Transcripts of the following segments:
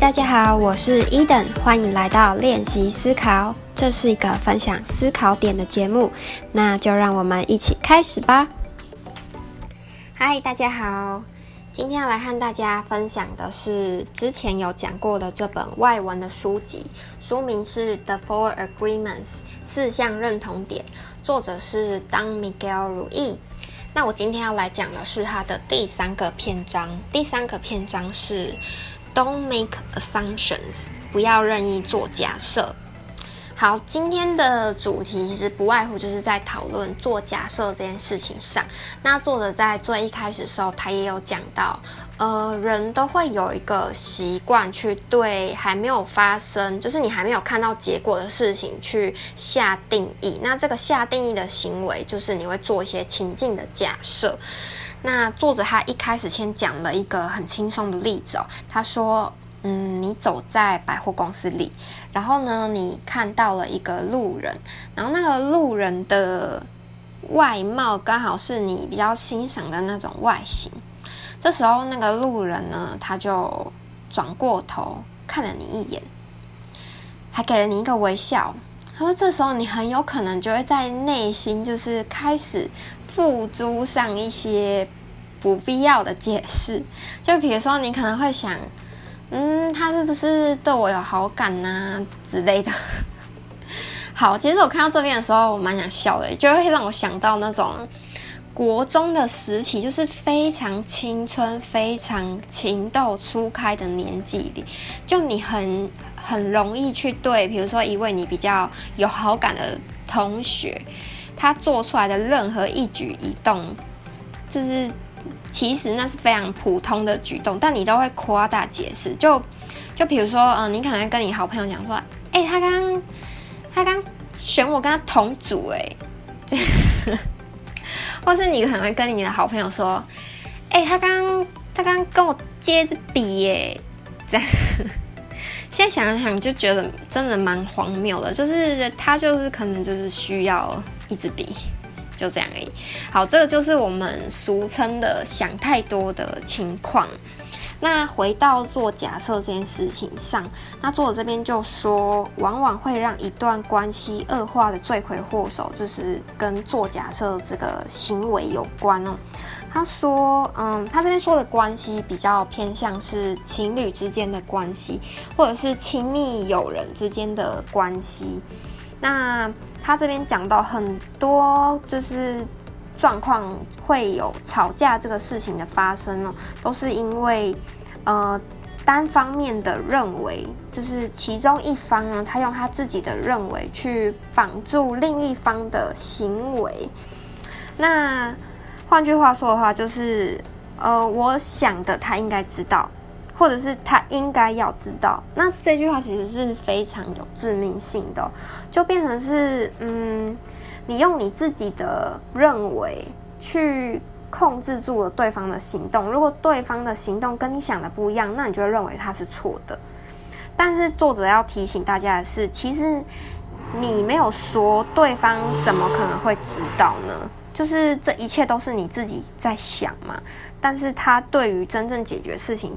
大家好，我是 Eden。歡迎來到練習思考。這是一個分享思考點的節目，那就讓我們一起開始吧。嗨，大家好，今天要來和大家分享的是之前有講過的這本外文的書籍，書名是《The Four Agreements》，四項認同點，作者是 Don Miguel Ruiz。那我今天要來講的是它的第三個篇章，第三個篇章是，Don't make assumptions，不要任意做假設。好，今天的主題其實不外乎就是在討論做假設這件事情上。那作者在最一開始的時候，他也有講到，呃，人都會有一個習慣去對還沒有發生，就是你還沒有看到結果的事情去下定義。那這個下定義的行為，就是你會做一些情境的假設。那作者他一開始先講了一個很輕鬆的例子哦，他說，嗯，你走在百貨公司裡，然後呢，你看到了一個路人，然後那個路人的外貌剛好是你比較欣賞的那種外型，這時候那個路人呢，他就轉過頭看了你一眼，還給了你一個微笑。他說：“這時候你很有可能就會在內心就是開始付諸上一些不必要的解釋，就比如說你可能會想，「嗯，他是不是對我有好感啊？」之類的。”好，其實我看到這邊的時候，我蠻想笑的，就會讓我想到那種。國中的時期就是非常青春、非常情竇初開的年紀裡，就你很很容易去對，比如說一位你比較有好感的同學，他做出來的任何一舉一動，就是其實那是非常普通的舉動，但你都會誇大解釋。就就比如說，嗯，你可能跟你好朋友講說，哎、欸，他剛他剛選我跟他同組，欸，哎。 或是你可能會跟你的好朋友說，哎、欸，他剛他剛跟我借一支筆耶，這樣。現在想一想，就覺得真的蠻荒謬的，就是他就是可能就是需要一支筆，就這樣而已。好，這個就是我們俗稱的想太多的情況。那回到做假設這件事情上，那作者這邊就說，往往會讓一段關係惡化的罪魁禍首，就是跟做假設這個行為有關哦。他說，嗯，他這邊說的關係比較偏向是情侶之間的關係，或者是親密友人之間的關係。那他這邊講到很多，就是。狀況會有吵架這個事情的發生呢？哦，都是因為，呃，單方面的認為，就是其中一方呢，他用他自己的認為去綁住另一方的行為。那換句話說的話，就是，呃，我想的他應該知道。或者是他應該要知道，那這句話其實是非常有致命性的喔，就變成是嗯，你用你自己的認為去控制住了對方的行動。如果對方的行動跟你想的不一樣，那你就會認為他是錯的。但是作者要提醒大家的是，其實你沒有說，對方怎麼可能會知道呢？就是這一切都是你自己在想嘛。但是他對於真正解決事情，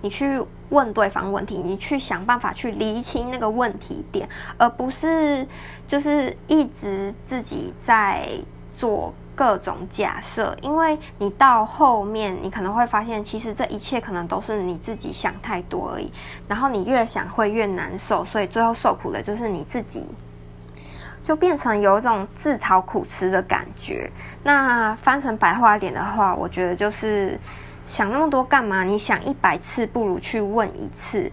你去問對方問題，你去想辦法去釐清那個問題點，而不是就是一直自己在做各種假設，因為你到後面你可能會發現，其實這一切可能都是你自己想太多而已，然後你越想會越難受，所以最後受苦的就是你自己，就變成有一種自討苦吃的感覺。那翻成白話一點的話，我覺得就是。想那麼多幹嘛？你想一百次，不如去問一次，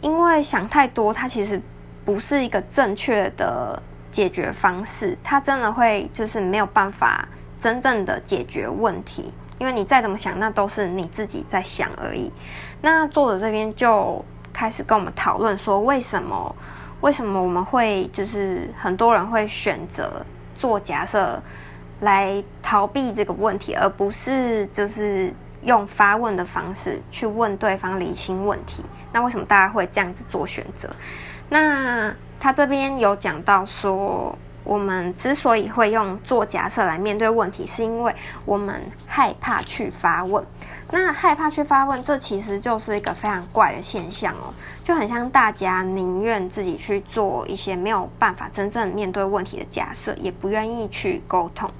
因為想太多，它其實不是一個正確的解決方式。它真的會就是沒有辦法真正的解決問題，因為你再怎麼想，那都是你自己在想而已。那作者這邊就開始跟我們討論說，為什麼為什麼我們會就是很多人會選擇做假設來逃避這個問題，而不是就是。用發問的方式去問對方，釐清問題。那為什麼大家會這樣子做選擇？那他這邊有講到說。我們之所以會用做假設來面對問題，是因為我們害怕去發問。那害怕去發問，這其實就是一個非常怪的現象哦，就很像大家寧願自己去做一些沒有辦法真正面對問題的假設，也不願意去溝通。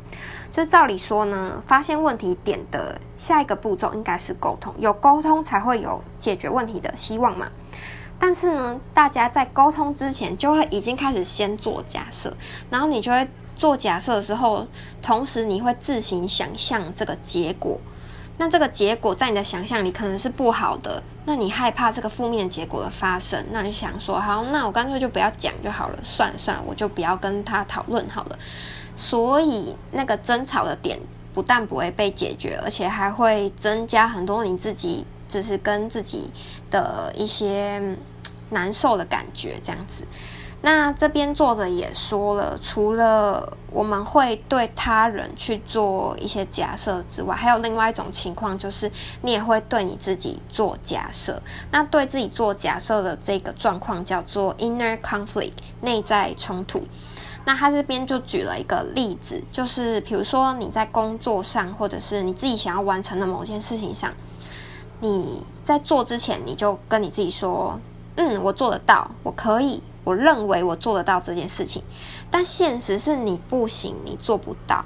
就照理說呢，發現問題點的下一個步驟應該是溝通，有溝通才會有解決問題的希望嘛。但是呢，大家在溝通之前就會已經開始先做假設，然後你就會做假設的時候，同時你會自行想象這個結果。那這個結果在你的想象裡可能是不好的，那你害怕這個負面結果的發生，那你想說：好，那我乾脆就不要講就好了，算了算了，我就不要跟他討論好了。所以那個爭吵的點不但不會被解決，而且還會增加很多你自己。只是跟自己的一些難受的感覺這樣子。那這邊作者也說了，除了我們會對他人去做一些假設之外，還有另外一種情況，就是你也會對你自己做假設。那對自己做假設的這個狀況叫做 inner conflict 內在衝突。那他這邊就舉了一個例子，就是比如說你在工作上，或者是你自己想要完成的某件事情上。你在做之前，你就跟你自己說：“嗯，我做得到，我可以，我認為我做得到這件事情。”但現實是你不行，你做不到。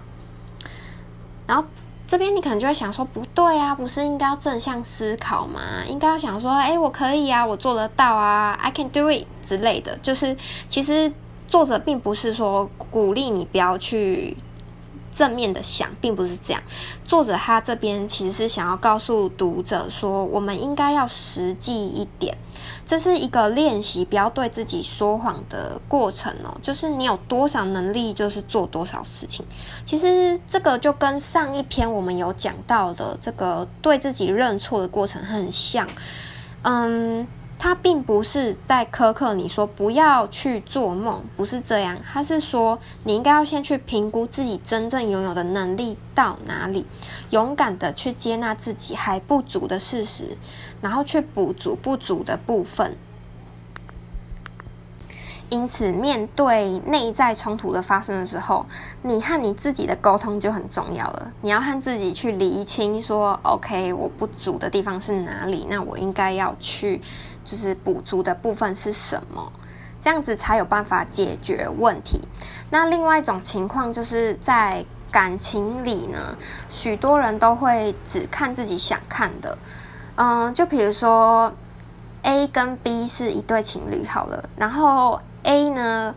然後這邊你可能就會想說：“不對啊，不是應該要正向思考嗎？應該要想說：‘欸，我可以啊，我做得到啊，I can do it’ 之類的。”就是其實作者並不是說鼓勵你不要去。正面的想並不是這樣，作者他這邊其實是想要告訴讀者說，我們應該要實際一點，這是一個練習，不要對自己說謊的過程哦。就是你有多少能力，就是做多少事情。其實這個就跟上一篇我們有講到的這個對自己認錯的過程很像，嗯。他並不是在苛刻你說不要去做夢，不是這樣。他是說你應該要先去評估自己真正擁有的能力到哪裡，勇敢的去接納自己還不足的事實，然後去補足不足的部分。因此，面對內在衝突的發生的時候，你和你自己的溝通就很重要了。你要和自己去釐清說，說 “OK，我不足的地方是哪裡？那我應該要去，就是補足的部分是什麼？這樣子才有辦法解決問題。”那另外一種情況，就是在感情裡呢，許多人都會只看自己想看的。嗯，就比如說 A 跟 B 是一對情侶，好了，然後。A 呢，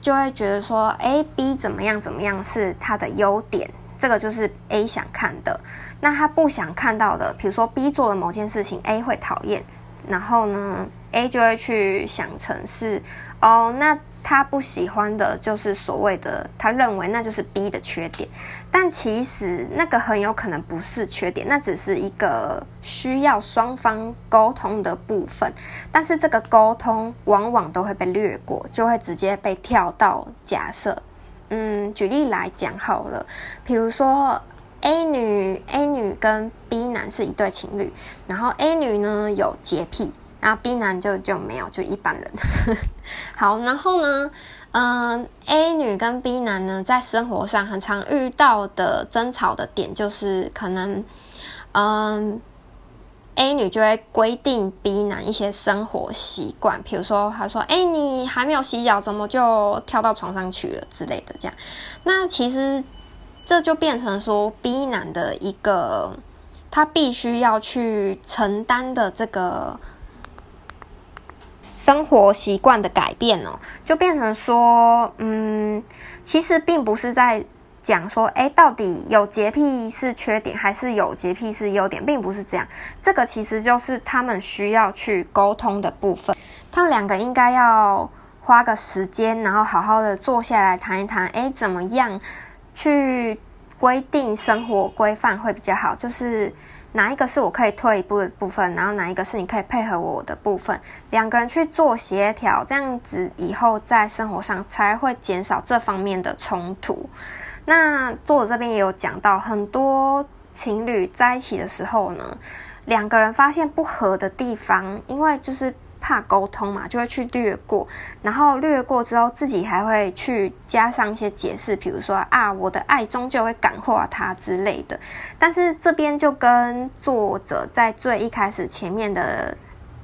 就會覺得說，A B 怎麼樣怎麼樣是他的優點，這個就是 A 想看的。那他不想看到的，比如說 B 做了某件事情，A 會討厭。然後呢，A 就會去想成是，哦，那。他不喜歡的就是所謂的他認為那就是 B 的缺點，但其實那個很有可能不是缺點，那只是一個需要雙方溝通的部分。但是這個溝通往往都會被略過，就會直接被跳到假設。嗯，舉例來講好了，比如說 A 女 A 女跟 B 男是一對情侶，然後 A 女呢有潔癖。然後 B 男就就沒有，就一般人。 好，然後呢，嗯，A 女跟 B 男呢，在生活上很常遇到的爭吵的點，就是可能，嗯，A 女就會規定 B 男一些生活習慣，比如說，她說：“哎，你還沒有洗腳，怎麼就跳到床上去了之類的？”這樣，那其實這就變成說 B 男的一個他必須要去承擔的這個。生活習慣的改變哦，就變成說，嗯，其實並不是在講說，欸，到底有潔癖是缺點還是有潔癖是優點，並不是這樣。這個其實就是他們需要去溝通的部分。他們兩個應該要花個時間，然後好好的坐下來談一談，欸，怎麼樣去規定生活規範會比較好？就是。哪一個是我可以退一步的部分，然後哪一個是你可以配合我的部分，兩個人去做協調，這樣子以後在生活上才會減少這方面的衝突。那作者這邊也有講到，很多情侶在一起的時候呢，兩個人發現不合的地方，因為就是。怕溝通嘛，就會去略過，然後略過之後，自己還會去加上一些解釋，比如說啊，我的愛終究會感化他之類的。但是這邊就跟作者在最一開始前面的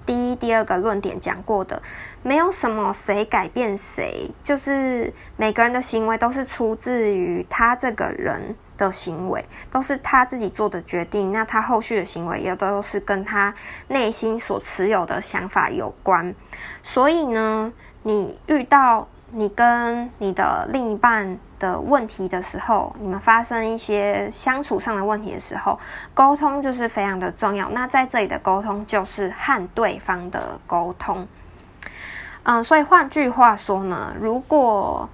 第一、第二個論點講過的，沒有什麼誰改變誰，就是每個人的行為都是出自於他這個人。的行為都是他自己做的決定，那他後續的行為也都是跟他內心所持有的想法有關。所以呢，你遇到你跟你的另一半的問題的時候，你們發生一些相處上的問題的時候，溝通就是非常的重要。那在這裡的溝通就是和對方的溝通。嗯，所以換句話說呢，如果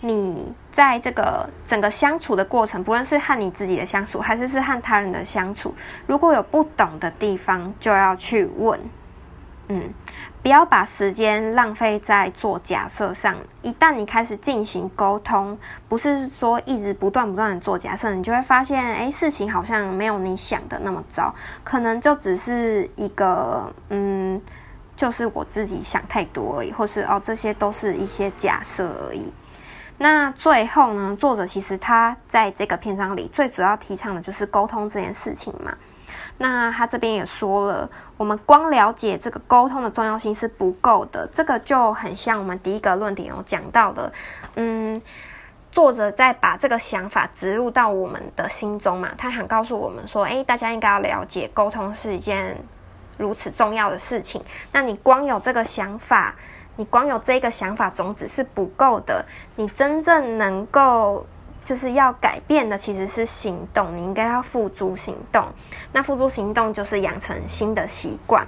你在這個整個相處的過程，不論是和你自己的相處，還是是和他人的相處，如果有不懂的地方，就要去問。嗯，不要把時間浪費在做假設上。一旦你開始進行溝通，不是說一直不斷不斷的做假設，你就會發現，哎，事情好像沒有你想的那麼糟，可能就只是一個，嗯，就是我自己想太多而已，或是哦，這些都是一些假設而已。那最後呢？作者其實他在這個篇章裡最主要提倡的就是溝通這件事情嘛。那他這邊也說了，我們光了解這個溝通的重要性是不夠的。這個就很像我們第一個論點有講到的，嗯，作者在把這個想法植入到我們的心中嘛。他想告訴我們說，誒，大家應該要了解溝通是一件如此重要的事情。那你光有這個想法。你光有這個想法種子是不夠的，你真正能夠就是要改變的其實是行動，你應該要付諸行動。那付諸行動就是養成新的習慣。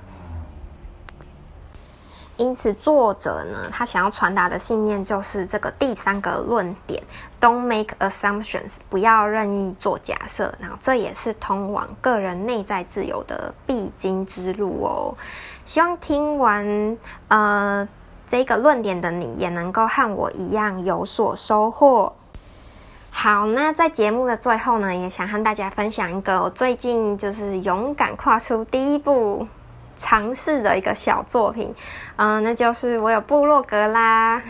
因此，作者呢，他想要傳達的信念就是這個第三個論點：Don't make assumptions，不要任意做假設。然後，這也是通往個人內在自由的必經之路哦。希望聽完，呃。這個論點的你也能夠和我一樣有所收穫。好，那在節目的最後呢，也想和大家分享一個我最近就是勇敢跨出第一步嘗試的一個小作品，呃，嗯，那就是我有部落格啦。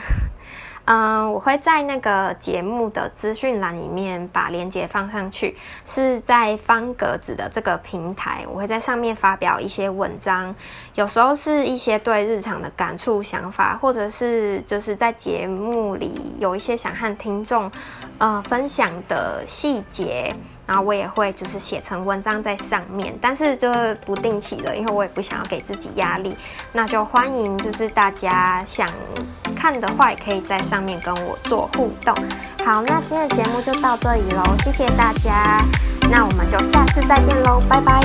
嗯，我會在那個節目的資訊欄裡面把連結放上去。是在方格子的這個平台，我會在上面發表一些文章，有時候是一些對日常的感觸、想法，或者是就是在節目裡有一些想和聽眾呃分享的細節。然後我也會就是寫成文章在上面，但是就是不定期的，因為我也不想要給自己壓力。那就歡迎就是大家想看的話，也可以在上面跟我做互動。好，那今天的節目就到這裡嘍，謝謝大家，那我們就下次再見嘍，拜拜。